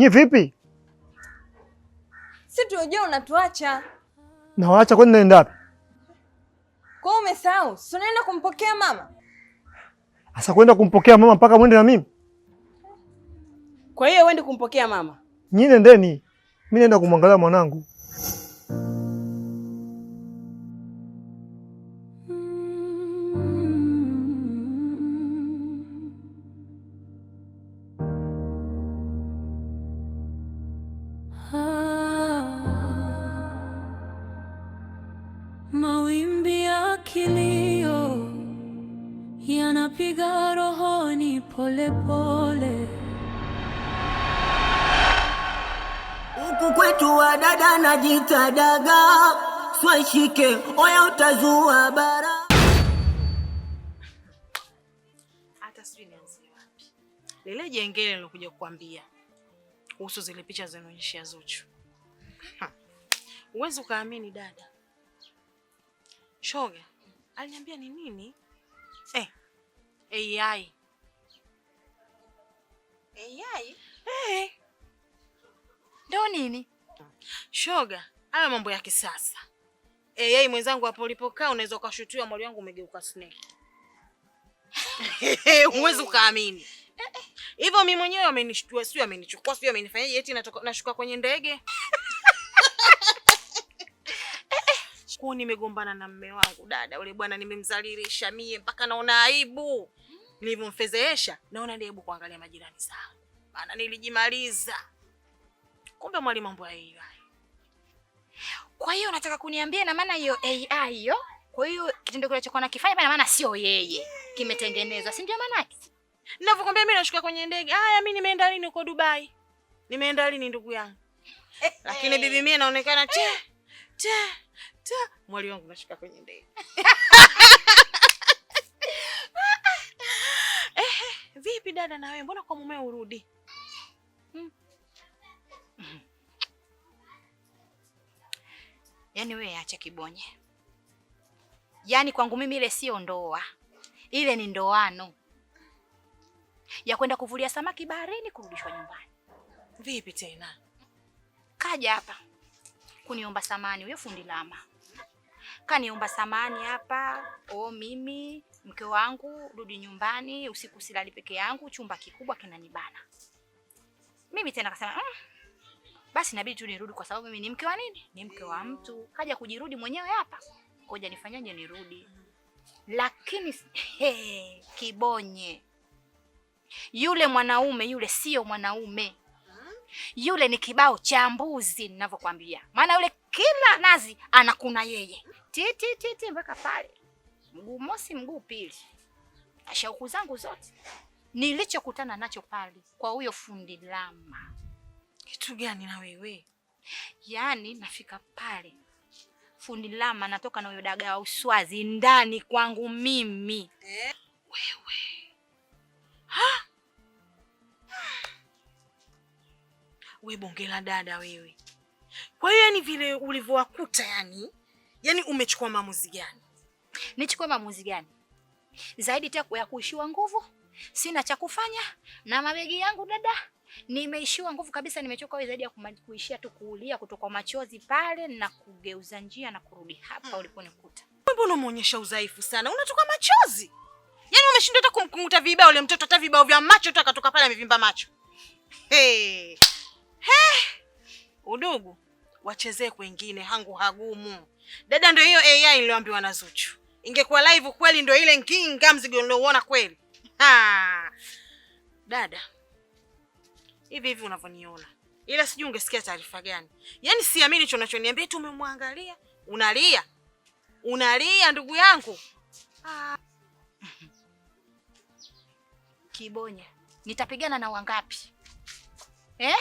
nyi vipi? Si tunajua unatuacha. Nawaacha kwani naenda wapi? Kwa umesahau, si unaenda kumpokea mama? Asa kwenda kumpokea mama mpaka mwende na mimi? Kwa hiyo wende kumpokea mama? nyi nendeni. mi naenda kumwangalia mwanangu. kwetu wa dada na jitadaga, swashike oya, utazua bara. Hata sijui nianzie wapi. Lile jengele nilokuja kukwambia kuhusu zile picha zinaonyesha Zuchu, huwezi ukaamini dada. Shoga aliniambia ni nini eh, AI AI eh. Ndio nini? Shoga, hayo mambo ya kisasa. Eh, yeye mwenzangu hapo ulipokaa unaweza ukashutia mwali wangu umegeuka snake. Huwezi ukaamini. Hivyo mimi mwenyewe amenishtua, sio amenichukua, sio amenifanyaje eti nashuka kwenye ndege. Kwa nimegombana na mme wangu dada, ule bwana nimemzalilisha mie mpaka naona aibu. Nilivyomfezeesha naona ni aibu kuangalia majirani zangu. Maana nilijimaliza. Kumbe mwalimu mambo ya AI. Kwa hiyo unataka kuniambia na maana hiyo AI hiyo, kwa hiyo kitendo kile cha kufanya maana sio yeye kimetengenezwa, si ndio maana yake? Ninavyokuambia mimi nashuka kwenye ndege. Haya, mimi nimeenda lini uko Dubai? Nimeenda lini ndugu yangu? Eh, lakini eh. bibi mimi naonekana che che che mwalimu wangu nashuka kwenye ndege. vipi dada na wewe? Mbona kwa mumeo urudi? Hmm. Mm. Yaani wewe acha kibonye. Yaani kwangu mimi ile sio ndoa, ile ni ndoano ya kwenda kuvulia samaki baharini kurudishwa nyumbani. Vipi tena? Kaja hapa kuniomba samani huyo fundi lama, kaniomba samani hapa. O, oh, mimi mke wangu rudi nyumbani, usiku silali peke yangu, chumba kikubwa kinanibana mimi tena. Kasema mm basi inabidi tu nirudi, kwa sababu mimi ni mke wa nini? Ni mke wa mtu, kaja kujirudi mwenyewe hapa. Ngoja nifanyaje? Nirudi. Lakini hey, kibonye yule mwanaume yule sio mwanaume yule ni kibao cha mbuzi ninavyokwambia, maana yule kila nazi anakuna yeye titi titi mpaka pale mguu mosi mguu pili. Shauku zangu zote nilichokutana nacho pale kwa huyo fundi lama kitu gani na wewe? Yaani nafika pale fundi lama natoka na huyo dagaa wa uswazi ndani kwangu mimi eh. Wewe ha? We bongela dada wewe. Kwa hiyo yani vile ulivyowakuta yani, yani umechukua maamuzi gani? Nichukue maamuzi gani zaidi tena ya kuishiwa nguvu, sina cha kufanya na mabegi yangu dada nimeishiwa nguvu kabisa, nimechoka wewe, zaidi ya kuishia tu kuulia kutoka machozi pale na kugeuza njia na kurudi hapa hmm, uliponikuta. Mbona unamuonyesha udhaifu sana, unatoka machozi yaani umeshindwa hata kumkunguta vibao yule mtoto, hata vibao vya macho tu akatoka pale amevimba macho. Hey. Hey. Udugu wachezee kwingine, hangu hagumu. Dada ndio hiyo AI niliyoambiwa na Zuchu, ingekuwa live kweli ndio ile nginga mzigo niliouona kweli. Ha. Dada hivi hivi unavyoniona, ila sijui ungesikia taarifa gani. Yaani siamini hicho unachoniambia, tu umemwangalia unalia, unalia ndugu yangu ah. Kibonya, nitapigana na wangapi eh?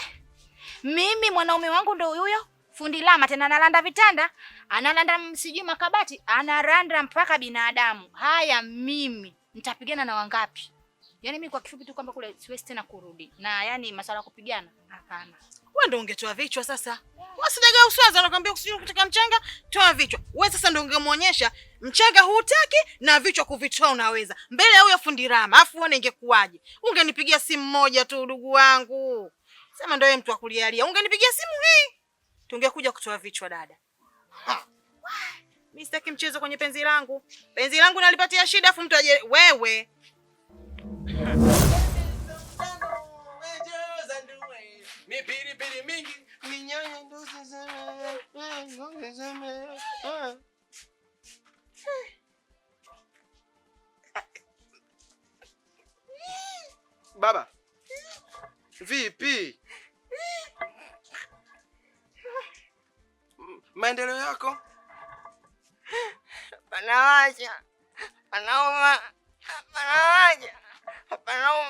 Mimi mwanaume wangu ndo huyo fundi lama, tena analanda vitanda, analanda sijui makabati, analanda mpaka binadamu. Haya, mimi nitapigana na wangapi? Yaani mimi kwa kifupi tu kwamba kule siwezi tena kurudi. Na yani masuala ya kupigana hapana. Wewe ndio ungetoa vichwa sasa. Wewe Sidaga uswaza anakuambia usijue kutaka mchanga, toa vichwa. Wewe sasa ndio ungemuonyesha mchanga hutaki na vichwa kuvitoa unaweza. Mbele ya huyo fundi Rama, afu uone ingekuwaje. Ungenipigia simu moja tu ndugu wangu. Sema ndio mtu akulialia. Ungenipigia simu hii. Tungekuja kutoa vichwa dada. Ha. Mimi sitaki mchezo kwenye penzi langu. Penzi langu nalipatia shida afu mtu aje wewe Baba, vipi?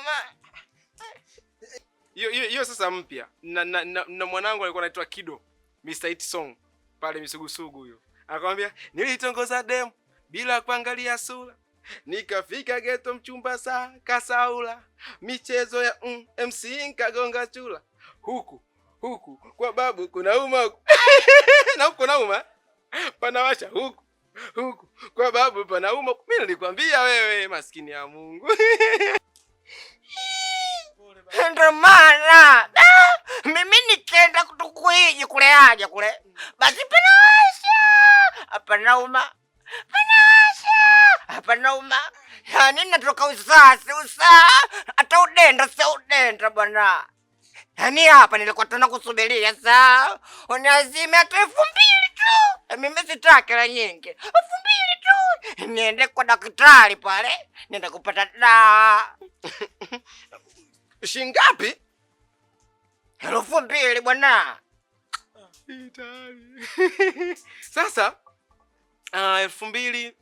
mama. Hiyo sasa mpya. Na, na, na, na mwanangu alikuwa anaitwa Kido, Mr. It Song pale Misugusugu huyo. Akamwambia nilitongoza demu bila kuangalia sura. Nikafika geto mchumba saa kasaula. Michezo ya mm, MC nikagonga chula. Huku huku kwa babu kuna uma huku na huku na uma panawasha huku huku kwa babu panauma. Mimi nilikwambia wewe, maskini ya Mungu. ndomana mimi nikenda tukuiji kuleaja kule basi panaasa apanauma panasa apanauma yani natoka usaasiusaa hata udenda saudenda bwana yani hapa nilikwatona kusubilia saa anazime ata efu mbili tu mimi zitakela nyingi niende kwa daktari pale, nienda kupata daa shingapi? elfu mbili bwana. Sasa uh, elfu mbili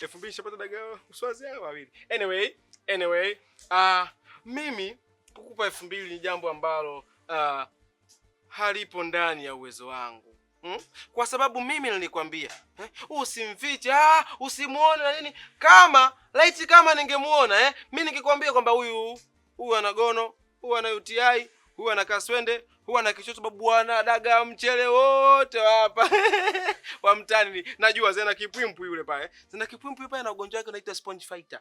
elfu mbili shapata dagaa uswazi hao wawili. Anyway, anyway, uh, mimi kukupa elfu mbili ni jambo ambalo uh, halipo ndani ya uwezo wangu Hmm? Kwa sababu mimi nilikwambia eh? Usimfiche, ah, usimuone na nini. Kama laiti kama ningemuona eh? Mimi ningekwambia kwamba huyu huyu ana gono, huyu ana UTI, huyu ana kaswende, huyu ana kichoto, babu bwana daga mchele wote hapa wa mtani. Najua zina kipwimpu yule pale. Eh. Zina kipwimpu yule pale na ugonjwa wake unaitwa sponge fighter.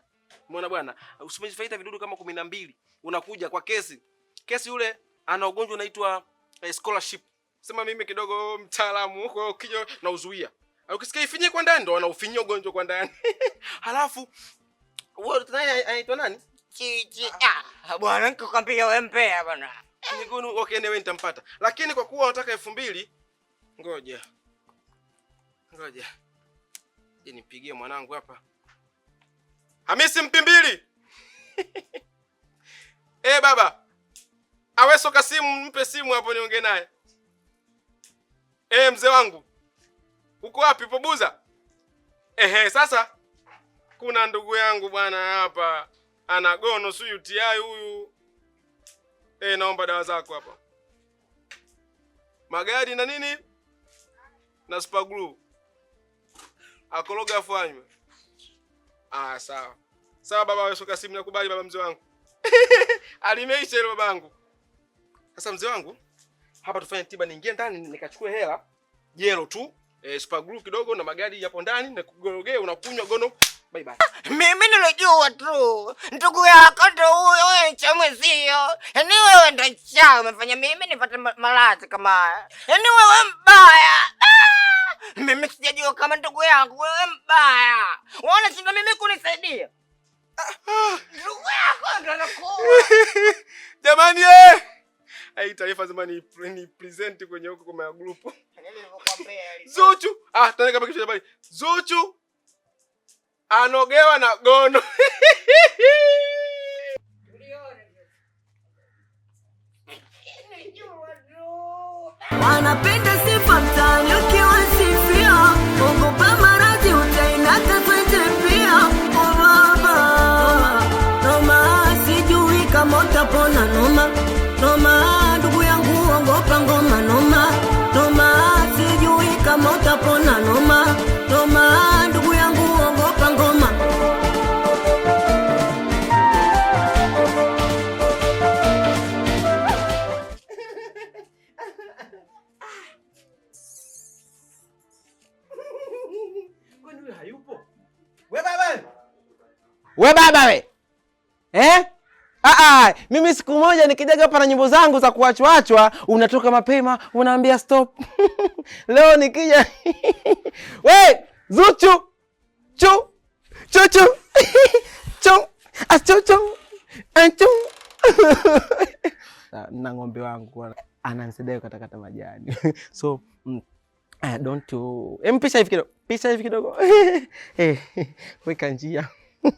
Umeona bwana? Uh, sponge fighter vidudu kama 12 unakuja kwa kesi. Kesi yule ana ugonjwa unaitwa eh, scholarship Sema mimi kidogo mtaalamu, kwa hiyo na uzuia. Ukisikia ifinye kwa ndani ndo wanaufinyia ugonjwa kwa ndani. Halafu wewe tunaye anaitwa nani? Chichi. Ah, ah, bwana nikakwambia wewe mpea bwana. Nigunu eh. okay, newe nitampata. Lakini kwa kuwa unataka 2000 ngoja. Ngoja. Je, nipigie mwanangu hapa. Hamisi Mpimbili. Eh, baba. Aweso kasimu mpe simu hapo niongee naye. Eh, mzee wangu uko wapi? Pobuza. Ehe, sasa kuna ndugu yangu bwana hapa ana gono UTI huyu. Eh, naomba dawa zako hapa, magadi na nini na super glue akologa afanywe. Ah, sawa sawa baba, wewe soka simu, nakubali baba mzee wangu alimeisha ile babangu. Sasa mzee wangu hapa tufanye tiba, niingie ndani nikachukue hela yellow tu eh, super glue kidogo na magadi yapo ndani na kugorogea, unakunywa gono bye bye. Mimi nilijua tu ndugu yako ndo huyo, wewe chamwezio. yani wewe ndo cha umefanya mimi nipate maradhi kama haya. yani wewe mbaya. Ah! Mimi sijajua kama ndugu yangu wewe mbaya. Waona shinda mimi kunisaidia. Ah, ah. Ndugu yako ndo anakuwa. Jamani eh! hii taarifa zima ni ni present kwenye huko kwa group. Yaani yaani. Zuchu, ah, tandika pakisha habari. Zuchu anogewa na gono. Anapenda we baba we eh? Aa, ah, ah. mimi siku moja nikijaga hapa na nyimbo zangu za kuachwachwa unatoka mapema unaambia stop. Leo nikija we zuchu chu chuchu chu achuchu achu ah, na ng'ombe wangu ananisaidia kukatakata majani so mm, don't you... Em, pisha hivi kidogo, pisha hivi kidogo weka njia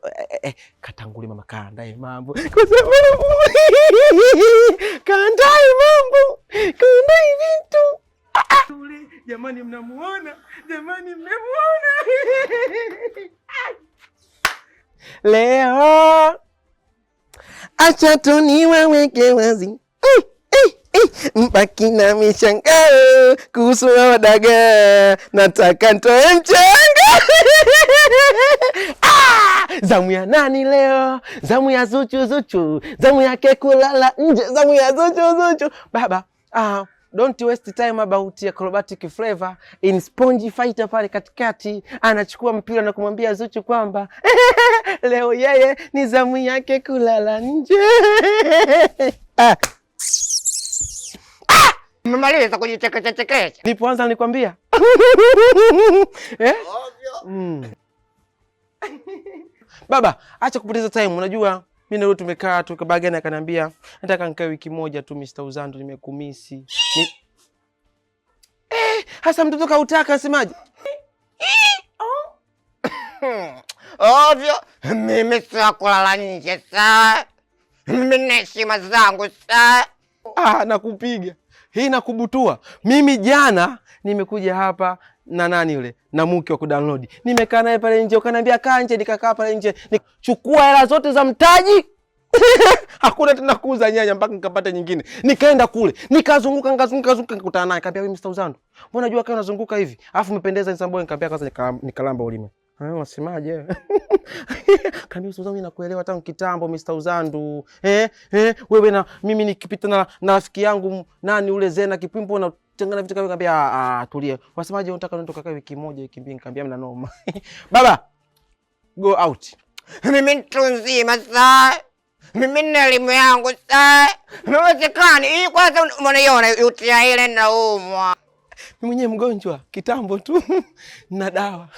Eh, eh, katanguli mama, kaandae mambo, kwa sababu kaandae mambo, kaandae vitu jamani. Mnamuona jamani, leo. Acha tu niwaweke wazi eh, mbaki na mishangao kuhusu wadaga, nataka ntoe mchanga ah! Zamu ya nani leo? Zamu ya Zuchu Zuchu, zamu yake kulala nje, zamu ya Zuchu Zuchu baba. Ah, don't waste time about acrobatic flavor in spongy fighter. Pale katikati anachukua mpira na kumwambia Zuchu kwamba leo yeye ni zamu yake kulala nje. ah. ah! Mmaliza kujichekechekesha. nipoanza nikwambia eh? mm. Baba, acha kupoteza time. Unajua mimi na wewe tumekaa tu, kabagani akaniambia nataka nikae wiki moja tu Mr. Uzando, nimekumisi ni... Eh, hasa mtoto kautaka asemaje? Ovyo, mimi kulala nje saa, mimi na heshima zangu saa. Ah, nakupiga hii nakubutua. Mimi jana nimekuja hapa na nani yule na mke wa kudownload. Nimekaa naye pale nje, ukaniambia kaa nje, nikakaa pale nje, nichukua hela zote za mtaji hakuna tena kuuza nyanya mpaka nikapata nyingine. Nikaenda kule nikazunguka nikazunguka nikazunguka, nikakutana naye, kaambia wewe Mr. Uzando, mbona jua kaa unazunguka hivi, alafu umependeza. Nisamboe, nikaambia kwanza, nikalamba ulime Wasemaje? Eh, mimi nakuelewa tangu kitambo Mr. Uzandu. Eh, eh, wewe na mimi nikipita na na rafiki yangu nani ule Zena Kipimbo na tengana vitu kama nikambia ah, ah, tulie. Wasemaje unataka nitoka kaka wiki moja wiki mbili nikambia mna noma. Baba go out. Mimi nitunzie masaa. Mimi na elimu yangu sasa. Mimi sikani. Hii kwanza unaiona yutia ile na umwa mimi mwenyewe mgonjwa kitambo tu na dawa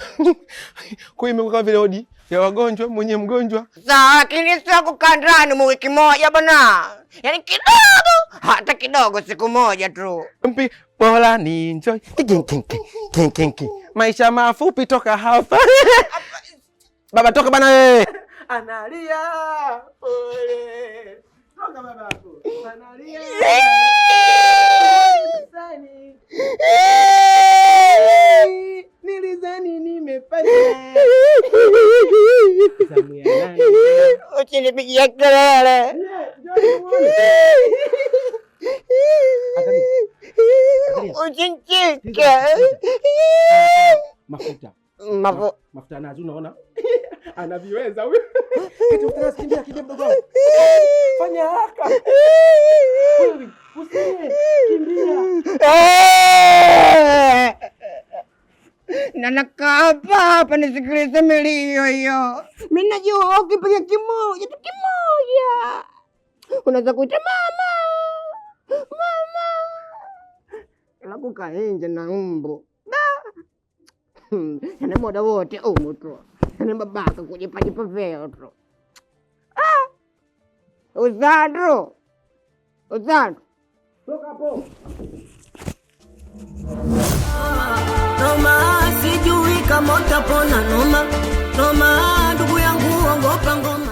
kwa hiyo imekuwa vile odi ya wagonjwa, mwenye mgonjwa. Sawa, lakini sio kukaa ndani mu wiki moja bwana, yaani kidogo, hata kidogo, siku moja tu mpi bola ni enjoy maisha mafupi, toka hapa baba, toka bana, wewe analia pole, toka baba, analia nilizani nimepata uchinipigia kelele uchinchike mafuta mafuta nazi, unaona anaviweza huyu. Kimbia, kimbia mdogo wangu, fanya haraka, na nakaa hapa nisikilize milio hiyo. Mimi najua ukipiga kimoja tu kimoja unaweza kuita mama mama, lakukaenje na umbu yana muda wote umutwa sana babaka kujipajipa veo tu. Ah! Uzadu uzadu Noma sijui kama utapona noma noma, ndugu yangu, ongopa ngoma